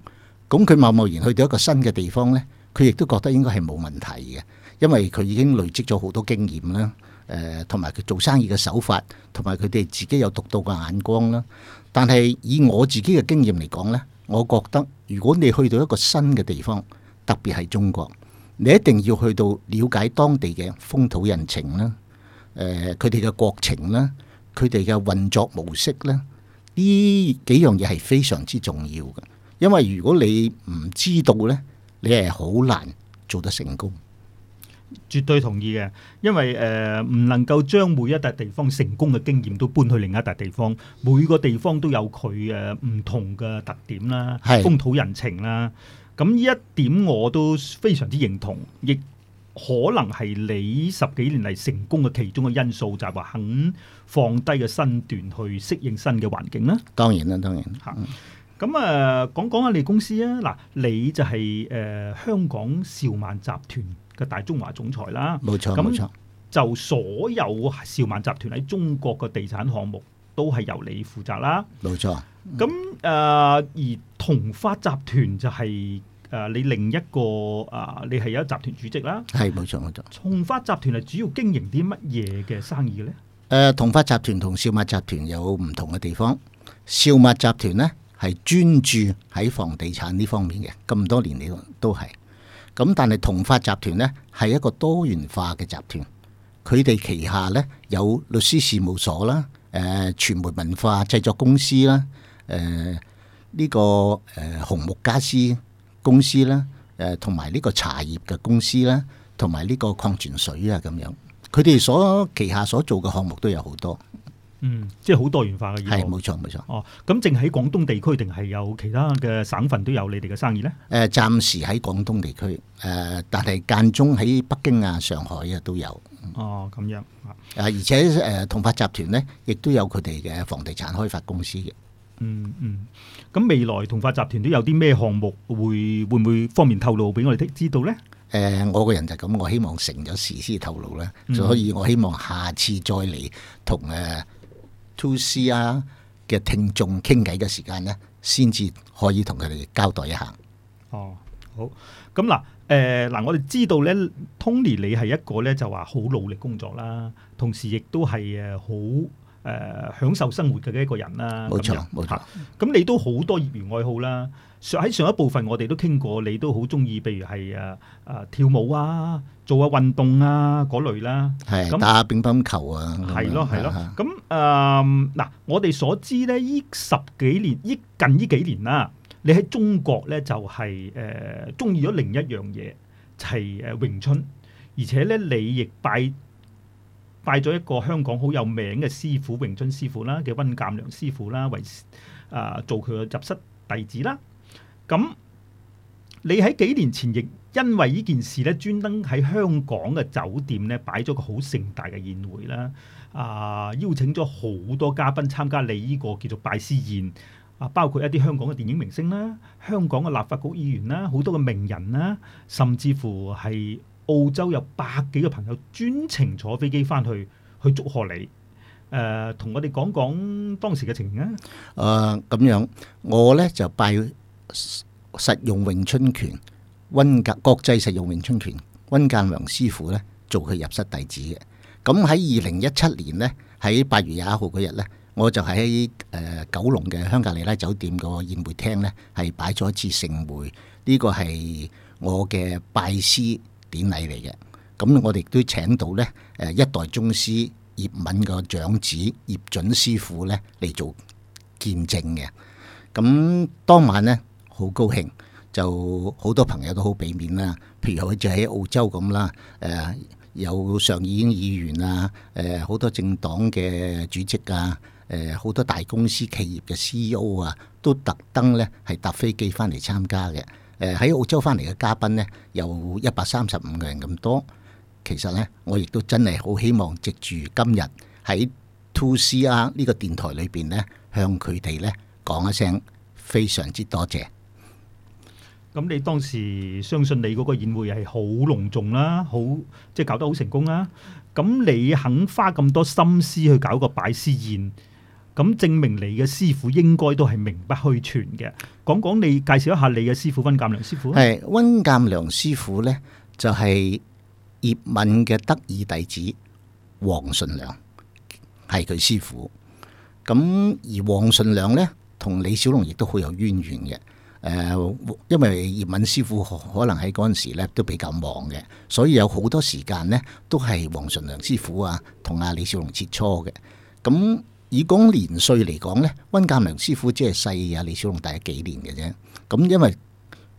咁佢貿貿然去到一個新嘅地方呢，佢亦都覺得應該，係冇問題嘅，因為，佢已經累積咗好多經驗啦，誒，同埋佢做生意嘅手法，同埋佢哋自己有獨到嘅眼光啦。但係以我自己嘅經驗嚟講，呢，我覺得如果你去到一個新嘅地方，特別係中國，你一定要去到了解當地嘅風土人情啦，誒，佢哋嘅國情啦，佢哋嘅運作模式啦，呢幾樣嘢係非常之重要嘅。因為如果你唔知道呢，你係好難做得成功。絕對同意嘅，因為誒唔、呃、能夠將每一笪地方成功嘅經驗都搬去另一笪地方。每個地方都有佢嘅唔同嘅特點啦，是風土人情啦。咁呢一點我都非常之認同，亦可能係你十幾年嚟成功嘅其中嘅因素，就係、是、話肯放低嘅身段去適應新嘅環境啦。當然啦，當然吓。咁啊，講講下你公司啊，嗱，你就係誒香港兆萬集團嘅大中華總裁啦，冇錯冇錯，就所有兆萬集團喺中國嘅地產項目都係由你負責啦，冇錯。咁誒而同法集團就係誒你另一個啊，你係有集團主席啦，係冇錯冇錯。同法集團係主要經營啲乜嘢嘅生意咧？誒，同法集團同兆萬集團有唔同嘅地方，兆萬集團咧。係專注喺房地產呢方面嘅，咁多年嚟都係。咁但係同法集團呢，係一個多元化嘅集團，佢哋旗下呢，有律師事務所啦、誒、呃、傳媒文化製作公司啦、誒、呃、呢、呢個誒、呃、紅木家私公司啦、誒同埋呢個茶葉嘅公司啦，同埋呢個礦泉水啊咁樣。佢哋所旗下所做嘅項目都有好多。嗯，即係好多元化嘅意思，係冇錯冇錯。錯錯哦，咁淨喺廣東地區定係有其他嘅省份都有你哋嘅生意呢？誒、呃，暫時喺廣東地區，誒、呃，但係間中喺北京啊、上海啊都有。嗯、哦，咁樣啊。而且誒、呃，同法集團呢，亦都有佢哋嘅房地產開發公司嘅、嗯。嗯嗯。咁未來同法集團都有啲咩項目會會唔會方便透露俾我哋聽知道呢？誒、呃，我個人就咁，我希望成咗事先透露啦，嗯、所以我希望下次再嚟同誒。呃 to C 啊，嘅聽眾傾偈嘅時間咧，先至可以同佢哋交代一下。哦，好，咁嗱，誒、呃、嗱、呃，我哋知道咧，Tony 你係一個咧就話好努力工作啦，同時亦都係誒好誒享受生活嘅一個人啦。冇錯，冇樣錯。咁、啊、你都好多業餘愛好啦，上喺上一部分我哋都傾過，你都好中意，譬如係誒誒跳舞啊。做下運動啊嗰類啦，係打下乒乓球啊，係咯係咯。咁啊嗱，我哋所知咧，依十幾年依近依幾年啦，你喺中國咧就係誒中意咗另一樣嘢，就係誒詠春，而且咧你亦拜拜咗一個香港好有名嘅師傅詠春師傅啦，叫温鑑良師傅啦，為啊做佢嘅入室弟子啦。咁你喺幾年前亦因為呢件事呢，專登喺香港嘅酒店呢擺咗個好盛大嘅宴會啦，啊，邀請咗好多嘉賓參加你呢個叫做拜師宴啊，包括一啲香港嘅電影明星啦、啊、香港嘅立法局議員啦、好、啊、多嘅名人啦、啊，甚至乎係澳洲有百幾個朋友專程坐飛機翻去去祝賀你，誒、啊，同我哋講講當時嘅情形啊，誒、呃，咁樣我呢就拜實用詠春拳。溫格國際實用詠春拳，溫鑒良師傅咧做佢入室弟子嘅。咁喺二零一七年咧，喺八月廿一號嗰日咧，我就喺誒九龍嘅香格里拉酒店個宴會廳咧，係擺咗一次盛會。呢、呢個係我嘅拜師典禮嚟嘅。咁我哋都請到咧誒一代宗師葉問個長子葉準師傅咧嚟做見證嘅。咁當晚咧好高興。就好多朋友都好畀面啦，譬如佢就喺澳洲咁啦，誒、呃、有上議院議員啊，誒、呃、好多政黨嘅主席啊，誒、呃、好多大公司企業嘅 CEO 啊，都特登咧係搭飛機翻嚟參加嘅。誒、呃、喺澳洲翻嚟嘅嘉賓咧，有一百三十五個人咁多。其實咧，我亦都真係好希望藉住今日喺 2CR 呢個電台裏邊咧，向佢哋咧講一聲非常之多謝。咁你當時相信你嗰個宴會係好隆重啦，好即係搞得好成功啦。咁你肯花咁多心思去搞個拜師宴，咁證明你嘅師傅應該都係名不虛傳嘅。講講你介紹一下你嘅師傅温鑑良師傅啦。温鑑良師傅呢，就係、是、葉問嘅得意弟子黃順良，係佢師傅。咁而黃順良呢，同李小龍亦都好有淵源嘅。誒，因為葉問師傅可能喺嗰陣時咧都比較忙嘅，所以有好多時間咧都係黃淳樑師傅啊同阿李小龍切磋嘅。咁以講年歲嚟講咧，温鑑良師傅即係細阿李小龍大幾年嘅啫。咁因為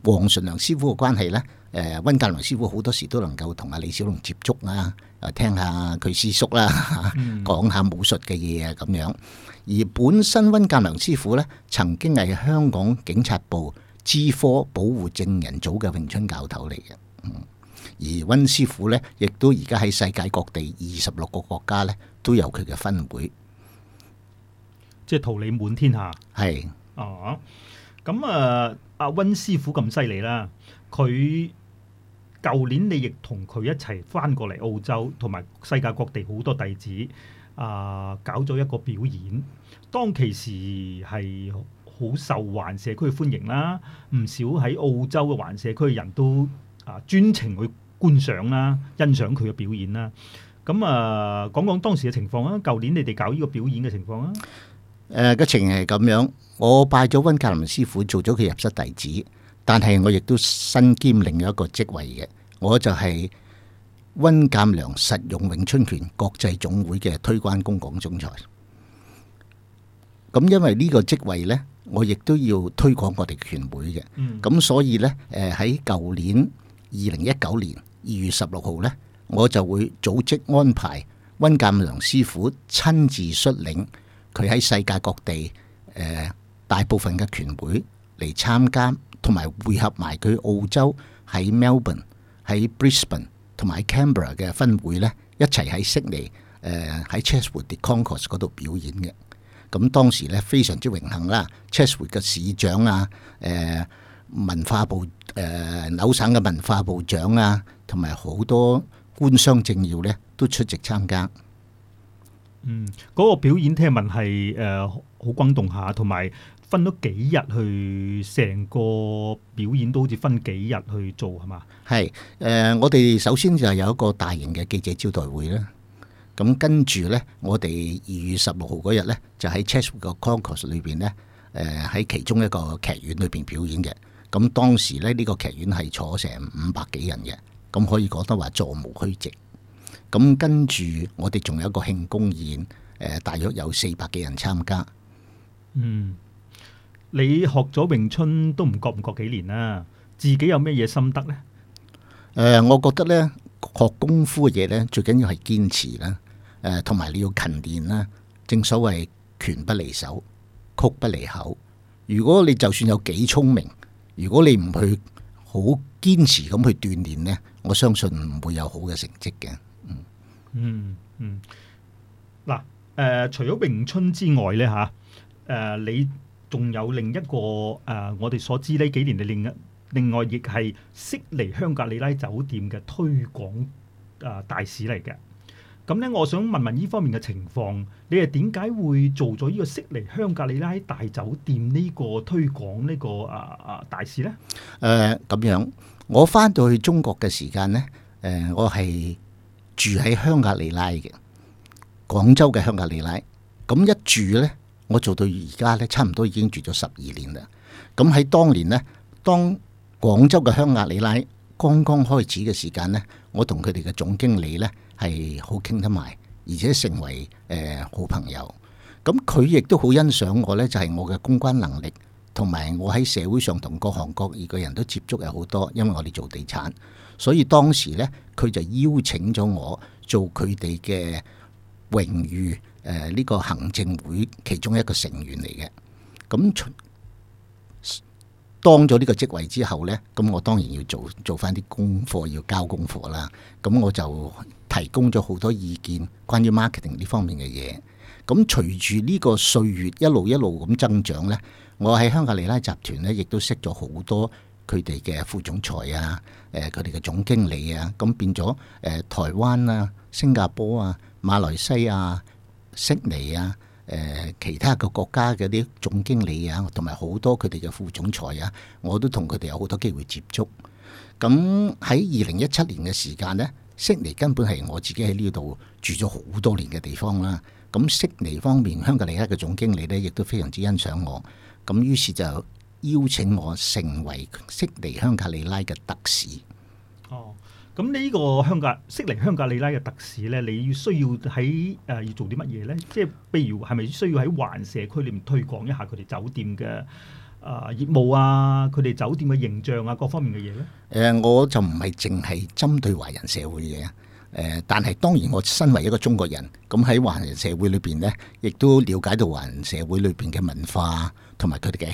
黃淳樑師傅嘅關係咧，誒温鑑良師傅好多時都能夠同阿李小龍接觸啊。啊，聽下佢師叔啦，講下武術嘅嘢啊，咁樣、嗯。而本身温格良師傅呢，曾經係香港警察部支科保護證人組嘅詠春教頭嚟嘅、嗯。而温師傅呢，亦都而家喺世界各地二十六個國家呢，都有佢嘅分會，即係桃李滿天下。係是。哦。咁啊，阿温師傅咁犀利啦，佢。舊年你亦同佢一齊翻過嚟澳洲，同埋世界各地好多弟子啊，搞咗一個表演。當其時係好受環社區歡迎啦，唔少喺澳洲嘅環社區嘅人都啊專程去觀賞啦，欣賞佢嘅表演啦。咁啊，講講當時嘅情況啊。舊年你哋搞呢個表演嘅情況啊。誒、呃，個情形係咁樣。我拜咗温格林師傅做咗佢入室弟子，但係我亦都身兼另一個職位嘅。我就係温鑒良實用詠春拳國際總會嘅推關公講總裁。咁因為呢個職位呢，我亦都要推廣我哋拳會嘅。咁所以呢，誒喺舊年二零一九年二月十六號呢，我就會組織安排温鑒良師傅親自率領佢喺世界各地誒大部分嘅拳會嚟參加，同埋匯合埋佢澳洲喺 Melbourne。喺 Brisbane 同埋 Canberra 嘅分會咧，一齊喺悉尼誒喺 Cheswood The Concourse 嗰度表演嘅。咁當時咧非常之榮幸啦，Cheswood 嘅市長啊、誒文化部誒紐省嘅文化部長啊，同埋好多官商政要咧都出席參加。嗯，嗰個表演聽聞係誒好轟動下，同埋。分咗幾日去成個表演都好似分幾日去做係嘛？係誒、呃，我哋首先就係有一個大型嘅記者招待會啦。咁跟住呢，我哋二月十六號嗰日呢，就喺 Chatswood 嘅 Concourse 裏邊呢，誒、呃、喺其中一個劇院裏邊表演嘅。咁當時咧，呢個劇院係坐成五百幾人嘅，咁可以講得話座無虛席。咁跟住我哋仲有一個慶功宴，誒、呃，大約有四百幾人參加。嗯。你學咗詠春都唔覺唔覺幾年啦，自己有咩嘢心得呢？誒、呃，我覺得咧學功夫嘅嘢咧，最緊要係堅持啦，誒、呃，同埋你要勤練啦。正所謂拳不離手，曲不離口。如果你就算有幾聰明，如果你唔去好堅持咁去鍛煉咧，我相信唔會有好嘅成績嘅。嗯嗯嗯。嗱、嗯，誒、呃，除咗詠春之外咧，吓，誒，你。仲有另一個誒，我哋所知呢幾年嘅另一另外，亦係悉尼香格里拉酒店嘅推廣誒大使嚟嘅。咁咧，我想問問呢方面嘅情況，你係點解會做咗呢個悉尼香格里拉大酒店呢個推廣呢個誒誒大使咧？誒咁樣，我翻到去中國嘅時間咧，誒我係住喺香格里拉嘅廣州嘅香格里拉。咁一住咧。我做到而家咧，差唔多已經住咗十二年啦。咁喺當年呢，當廣州嘅香格里拉剛剛開始嘅時間呢，我同佢哋嘅總經理呢係好傾得埋，而且成為誒、呃、好朋友。咁佢亦都好欣賞我呢，就係、是、我嘅公關能力，同埋我喺社會上同各行各業嘅人都接觸有好多，因為我哋做地產，所以當時呢，佢就邀請咗我做佢哋嘅榮譽誒呢個行政會其中一個成員嚟嘅，咁當咗呢個職位之後呢，咁我當然要做做翻啲功課，要交功課啦。咁我就提供咗好多意見關於 marketing 呢方面嘅嘢。咁隨住呢個歲月一路一路咁增長呢，我喺香格里拉集團呢亦都識咗好多佢哋嘅副總裁啊、誒佢哋嘅總經理啊，咁變咗、呃、台灣啊、新加坡啊、馬來西亞。悉尼啊，誒其他個國家嘅啲總經理啊，同埋好多佢哋嘅副總裁啊，我都同佢哋有好多機會接觸。咁喺二零一七年嘅時間呢，悉尼根本係我自己喺呢度住咗好多年嘅地方啦。咁悉尼方面，香格里拉嘅總經理咧，亦都非常之欣賞我，咁於是就邀請我成為悉尼香格里拉嘅特使。咁呢個香格悉尼香格里拉嘅特使咧，你要需要喺誒、呃、要做啲乜嘢咧？即係譬如係咪需要喺華人社區裏面推廣一下佢哋酒店嘅誒、呃、業務啊，佢哋酒店嘅形象啊，各方面嘅嘢咧？誒、呃，我就唔係淨係針對華人社會嘅誒、呃，但係當然我身為一個中國人，咁喺華人社會裏邊咧，亦都了解到華人社會裏邊嘅文化同埋佢哋嘅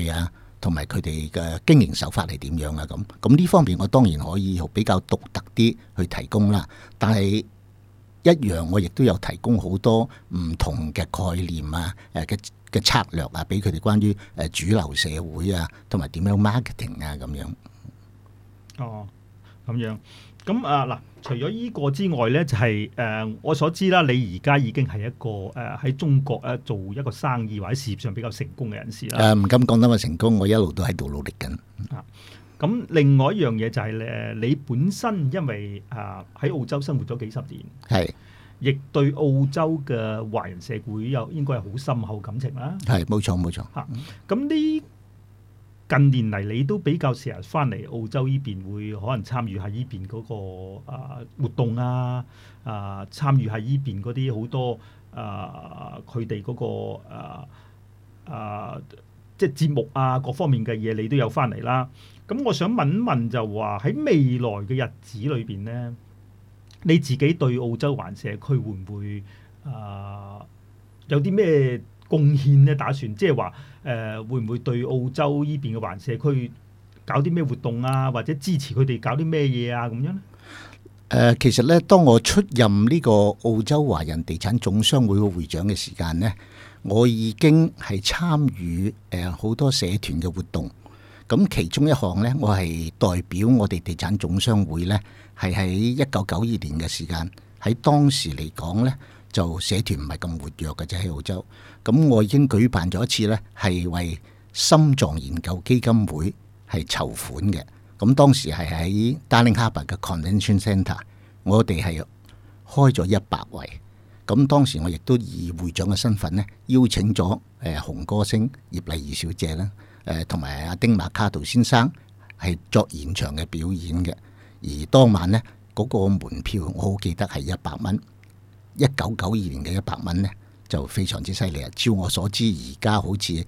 喜愛啊。同埋佢哋嘅經營手法係點樣啊？咁咁呢方面我當然可以比較獨特啲去提供啦。但係一樣，我亦都有提供好多唔同嘅概念啊、誒嘅嘅策略啊，俾佢哋關於誒主流社會啊，同埋點樣 marketing 啊咁樣。哦，咁樣咁啊嗱。除咗依個之外咧，就係、是、誒、呃、我所知啦，你而家已經係一個誒喺、呃、中國誒做一個生意或者事業上比較成功嘅人士啦。誒唔敢講得咁成功，我一路都喺度努力緊。啊，咁另外一樣嘢就係、是、誒你本身因為啊喺澳洲生活咗幾十年，係亦是對澳洲嘅華人社會有應該係好深厚的感情啦。係冇錯冇錯嚇，咁呢、啊？近年嚟，你都比較成日翻嚟澳洲依邊，會可能參與下依邊嗰、那個、啊、活動啊，誒、啊、參與下依邊嗰啲好多誒佢哋嗰個誒、啊啊、即係節目啊各方面嘅嘢，你都有翻嚟啦。咁我想問一問就，就話喺未來嘅日子裏邊咧，你自己對澳洲環社區會唔會誒、啊、有啲咩貢獻咧？打算即係話。誒、呃、會唔會對澳洲呢邊嘅華人社區搞啲咩活動啊，或者支持佢哋搞啲咩嘢啊咁樣呢？誒、呃，其實咧，當我出任呢個澳洲華人地產總商會嘅會長嘅時間咧，我已經係參與誒好、呃、多社團嘅活動。咁其中一項咧，我係代表我哋地產總商會咧，係喺一九九二年嘅時間，喺當時嚟講咧，就社團唔係咁活躍嘅啫喺澳洲。咁我已經舉辦咗一次呢，係為心臟研究基金會係籌款嘅。咁當時係喺 Darling Harbour 嘅 Convention Centre，我哋係開咗一百位。咁當時我亦都以會長嘅身份呢，邀請咗誒紅歌星葉麗儀小姐啦，誒同埋阿丁馬卡圖先生係作現場嘅表演嘅。而當晚呢，嗰個門票，我好記得係一百蚊，一九九二年嘅一百蚊呢。就非常之犀利啊！照我所知，而家好似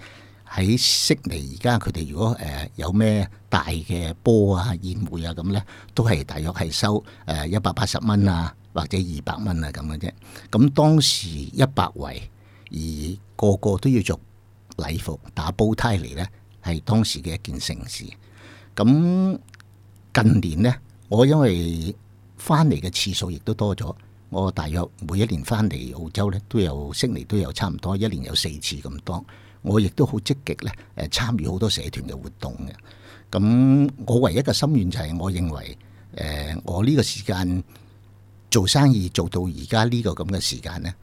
喺悉尼，而家佢哋如果誒、呃、有咩大嘅波啊、宴會啊咁咧，都係大約係收誒一百八十蚊啊，或者二百蚊啊咁嘅啫。咁當時一百圍，而個個都要著禮服打煲呔嚟咧，係當時嘅一件盛事。咁近年咧，我因為翻嚟嘅次數亦都多咗。我大約每一年翻嚟澳洲咧，都有悉尼都有差唔多，一年有四次咁多。我亦都好積極咧，誒參與好多社團嘅活動嘅。咁我唯一嘅心願就係，我認為誒我呢個時間做生意做到而家呢個咁嘅時間咧，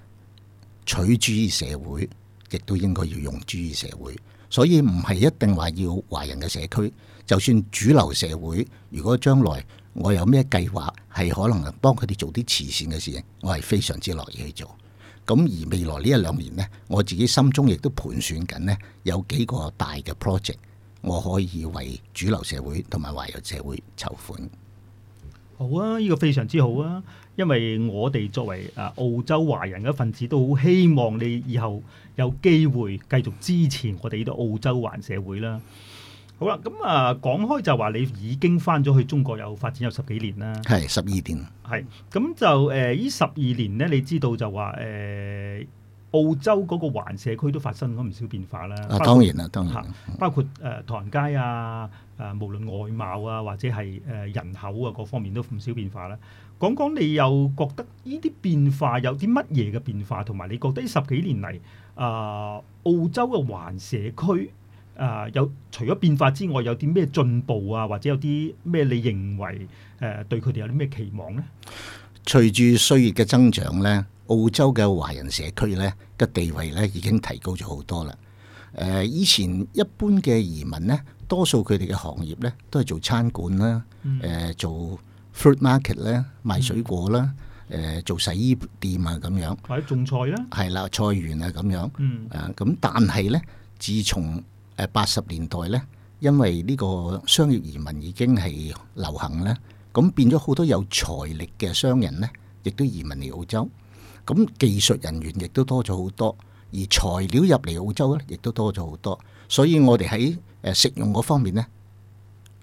取諸社會，亦都應該要用諸社會。所以唔係一定話要華人嘅社區，就算主流社會，如果將來。我有咩計劃係可能能幫佢哋做啲慈善嘅事情，我係非常之樂意去做。咁而未來呢一兩年呢，我自己心中亦都盤算緊呢，有幾個大嘅 project，我可以為主流社會同埋華人社會籌款。好啊，呢個非常之好啊，因為我哋作為啊澳洲華人嘅份子，都好希望你以後有機會繼續支持我哋呢度澳洲華人社會啦。好啦，咁啊，講開就話你已經翻咗去中國有發展有十幾年啦，係十二年了，係咁就誒、呃、呢十二年咧，你知道就話誒、呃、澳洲嗰個環社區都發生咗唔少變化啦。啊，包括啊，當然啦，當、嗯、然，包括誒、呃、唐人街啊，誒、呃、無論外貌啊，或者係誒、呃、人口啊，各方面都唔少變化啦。講講你又覺得呢啲變化有啲乜嘢嘅變化？同埋你覺得呢十幾年嚟啊、呃、澳洲嘅環社區？誒、呃、有除咗變化之外，有啲咩進步啊？或者有啲咩你認為誒、呃、對佢哋有啲咩期望呢？隨住歲月嘅增長呢，澳洲嘅華人社區呢嘅地位呢已經提高咗好多啦。誒、呃、以前一般嘅移民呢，多數佢哋嘅行業呢都係做餐館啦，誒、嗯呃、做 fruit market 呢賣水果啦，誒、嗯呃、做洗衣店啊咁樣，或者種菜啦，係啦菜園啊咁樣。嗯啊，咁但係呢，自從八十年代呢，因為呢個商業移民已經係流行咧，咁變咗好多有財力嘅商人呢，亦都移民嚟澳洲。咁技術人員亦都多咗好多，而材料入嚟澳洲呢，亦都多咗好多。所以我哋喺誒食用嗰方面呢，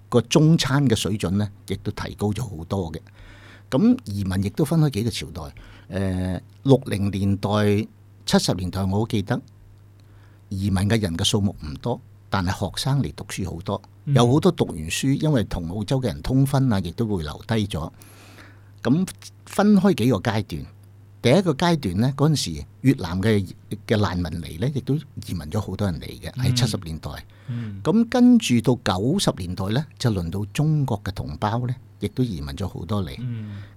個中餐嘅水準呢，亦都提高咗好多嘅。咁移民亦都分開幾個朝代。誒六零年代、七十年代，我好記得。移民嘅人嘅數目唔多，但係學生嚟讀書好多，有好多讀完書，因為同澳洲嘅人通婚啊，亦都會留低咗。咁分開幾個階段，第一個階段呢，嗰陣時越南嘅嘅難民嚟呢，亦都移民咗好多人嚟嘅，喺七十年代。咁跟住到九十年代呢，就輪到中國嘅同胞呢，亦都移民咗好多嚟。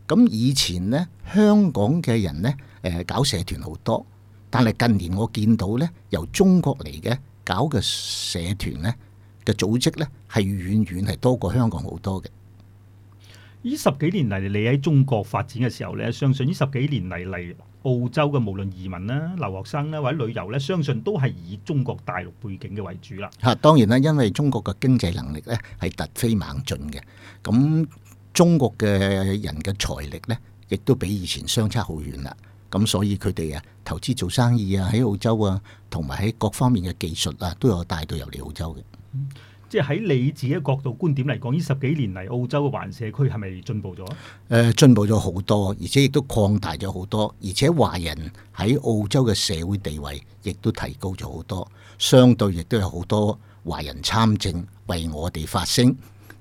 咁以前呢，香港嘅人呢，誒搞社團好多。但係近年我見到咧，由中國嚟嘅搞嘅社團咧嘅組織咧，係遠遠係多過香港好多嘅。呢十幾年嚟，你喺中國發展嘅時候咧，相信呢十幾年嚟嚟澳洲嘅無論移民啦、留學生啦或者旅遊咧，相信都係以中國大陸背景嘅為主啦。吓，當然啦，因為中國嘅經濟能力咧係突飛猛進嘅，咁中國嘅人嘅財力咧亦都比以前相差好遠啦。咁所以佢哋啊，投資做生意啊，喺澳洲啊，同埋喺各方面嘅技術啊，都有帶到入嚟澳洲嘅，嗯。即係喺你自己角度觀點嚟講，呢十幾年嚟澳洲嘅華社區係咪進步咗？誒、呃，進步咗好多，而且亦都擴大咗好多，而且華人喺澳洲嘅社會地位亦都提高咗好多，相對亦都有好多華人參政為我哋發聲，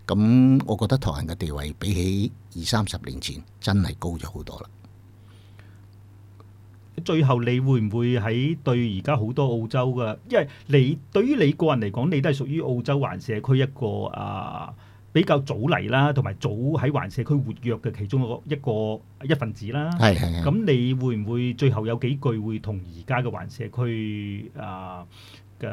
咁我覺得唐人嘅地位比起二三十年前真係高咗好多啦。最後你會唔會喺對而家好多澳洲嘅，因為你對於你個人嚟講，你都係屬於澳洲環社區一個啊比較早嚟啦，同埋早喺環社區活躍嘅其中一個一個一份子啦。係係。咁你會唔會最後有幾句會同而家嘅環社區啊嘅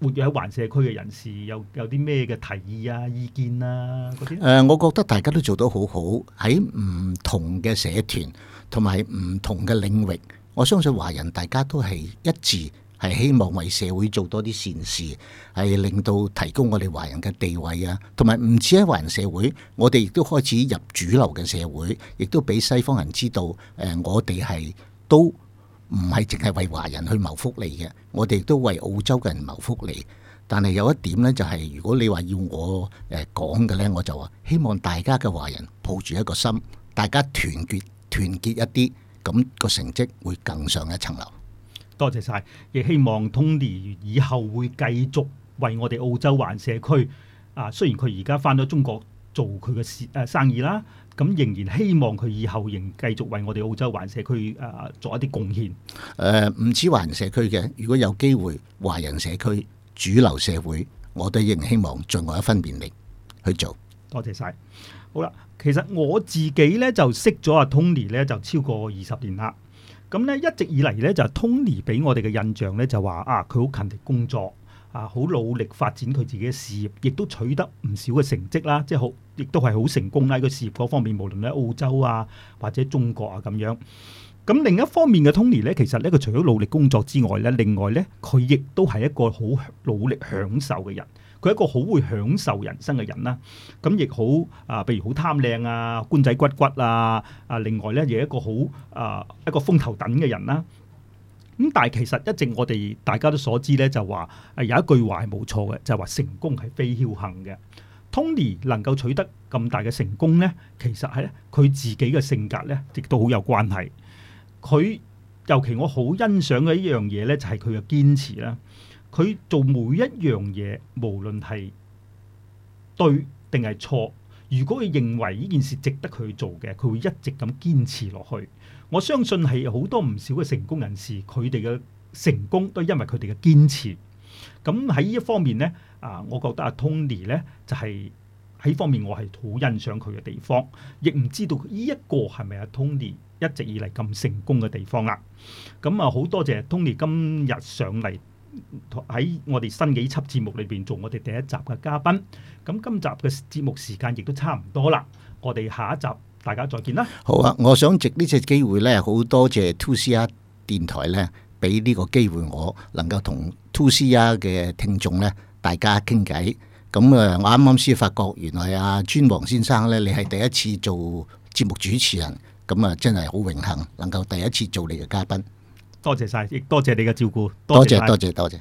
活躍喺環社區嘅人士有有啲咩嘅提議啊、意見啊嗰啲？誒、呃，我覺得大家都做得好好，喺唔同嘅社團同埋唔同嘅領域。我相信華人大家都係一致，係希望為社會做多啲善事，係令到提高我哋華人嘅地位啊！同埋唔止喺華人社會，我哋亦都開始入主流嘅社會，亦都俾西方人知道，誒，我哋係都唔係淨係為華人去謀福利嘅，我哋亦都為澳洲嘅人謀福利。但係有一點咧、就係，就係如果你話要我誒講嘅咧，我就話希望大家嘅華人抱住一個心，大家團結團結一啲。咁個成績會更上一層樓。多謝晒，亦希望 Tony 以後會繼續為我哋澳洲華人社區啊，雖然佢而家翻咗中國做佢嘅事誒生意啦，咁、啊、仍然希望佢以後仍繼續為我哋澳洲華人社區誒、啊、做一啲貢獻。誒唔似華人社區嘅，如果有機會，華人社區主流社會，我都仍希望盡我一分便利去做。多謝晒。好啦。其實我自己咧就識咗阿 Tony 咧就超過二十年啦，咁咧一直以嚟咧就係 Tony 俾我哋嘅印象咧就話啊，佢好勤力工作啊，好努力發展佢自己嘅事業，亦都取得唔少嘅成績啦，即係好亦都係好成功啦。喺個事業嗰方面，無論喺澳洲啊或者中國啊咁樣。咁另一方面嘅 Tony 咧，其實咧佢除咗努力工作之外咧，另外咧佢亦都係一個好努力享受嘅人。佢係一個好會享受人生嘅人啦，咁亦好啊，譬如好貪靚啊，官仔骨骨啊，啊另外咧又一個好啊一個風頭等嘅人啦、啊。咁、嗯、但係其實一直我哋大家都所知咧，就話有一句話係冇錯嘅，就係、是、話成功係非僥幸嘅。Tony 能夠取得咁大嘅成功咧，其實係咧佢自己嘅性格咧，亦都好有關係。佢尤其我好欣賞嘅一樣嘢咧，就係佢嘅堅持啦。佢做每一樣嘢，無論係對定係錯，如果佢認為呢件事值得佢做嘅，佢會一直咁堅持落去。我相信係好多唔少嘅成功人士，佢哋嘅成功都係因為佢哋嘅堅持。咁喺呢一方面呢，啊，我覺得阿 Tony 呢，就係喺方面我係好欣賞佢嘅地方，亦唔知道呢一個係咪阿 Tony 一直以嚟咁成功嘅地方啦。咁啊，好多謝 Tony 今日上嚟。喺我哋新幾輯節目裏邊做我哋第一集嘅嘉賓，咁今集嘅節目時間亦都差唔多啦，我哋下一集大家再見啦。好啊，我想藉呢隻機會呢，好多謝 2CR 電台呢，俾呢個機會我能夠同 2CR 嘅聽眾呢，大家傾偈。咁啊，我啱啱先發覺，原來阿尊王先生呢，你係第一次做節目主持人，咁啊，真係好榮幸能夠第一次做你嘅嘉賓。多謝曬，亦多謝你嘅照顧，多謝多謝多謝。